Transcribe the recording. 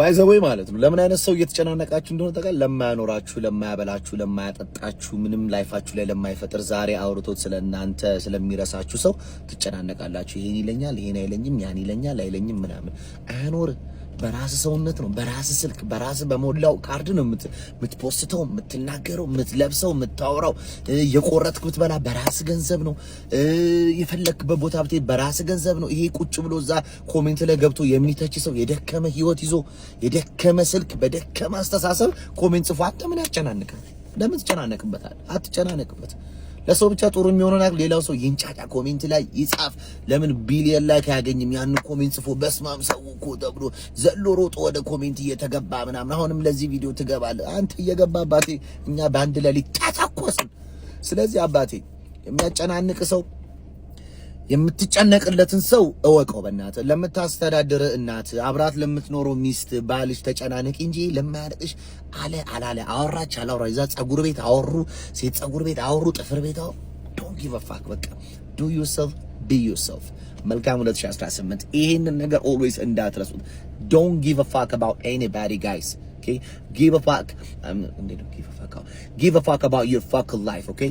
ባይዘወይ ማለት ነው። ለምን አይነት ሰው እየተጨናነቃችሁ እንደሆነ ጠቃል ለማያኖራችሁ፣ ለማያበላችሁ፣ ለማያጠጣችሁ፣ ምንም ላይፋችሁ ላይ ለማይፈጥር ዛሬ አውርቶት ስለእናንተ ስለሚረሳችሁ ሰው ትጨናነቃላችሁ። ይሄን ይለኛል፣ ይሄን አይለኝም፣ ያን ይለኛል፣ አይለኝም ምናምን አያኖር በራስ ሰውነት ነው፣ በራስ ስልክ፣ በራስ በሞላው ካርድ ነው የምትፖስተው፣ የምትናገረው፣ የምትለብሰው፣ የምታወራው። የቆረጥክ በላ በራስ ገንዘብ ነው። የፈለክበት ቦታ ብትሄድ በራስ ገንዘብ ነው። ይሄ ቁጭ ብሎ እዛ ኮሜንት ላይ ገብቶ የሚተች ሰው የደከመ ህይወት ይዞ የደከመ ስልክ በደከመ አስተሳሰብ ኮሜንት ጽፎ አትምን ያጨናንቃል። ለምን ትጨናነቅበታል? አትጨናነቅበት። ለሰው ብቻ ጥሩ የሚሆነው ሌላው ሰው ይንጫጫ፣ ኮሜንት ላይ ይጻፍ። ለምን ቢሊየን ላይክ አያገኝም? ያን ኮሜንት ጽፎ በስማም ሰው እኮ ተብሎ ዘሎ ሮጦ ወደ ኮሜንት እየተገባ ምናምን። አሁንም ለዚህ ቪዲዮ ትገባለህ አንተ እየገባ አባቴ፣ እኛ በአንድ ሌሊት ተተኮስን። ስለዚህ አባቴ የሚያጨናንቅ ሰው የምትጨነቅለትን ሰው እወቀው። በእናት ለምታስተዳድር እናት አብራት ለምትኖረው ሚስት ባልሽ ተጨናነቂ እንጂ ለማያደቅሽ አለ አላለ አወራች አላወራ እዛ ጸጉር ቤት አወሩ ሴት ጸጉር ቤት አወሩ ጥፍር ቤት አወሩ ዶንት ጊቭ ፋክ በቃ ዱ ዩርሰልፍ ቢ ዩርሰልፍ። መልካም 2018 ይሄንን ነገር ኦልዌይስ እንዳትረሱት። ዶን ጊቭ አ ፋክ አባውት ኤኒባዲ ጋይስ ኦኬ ጊቭ አ ፋክ አባውት ዩር ፋክ ላይፍ ኦኬ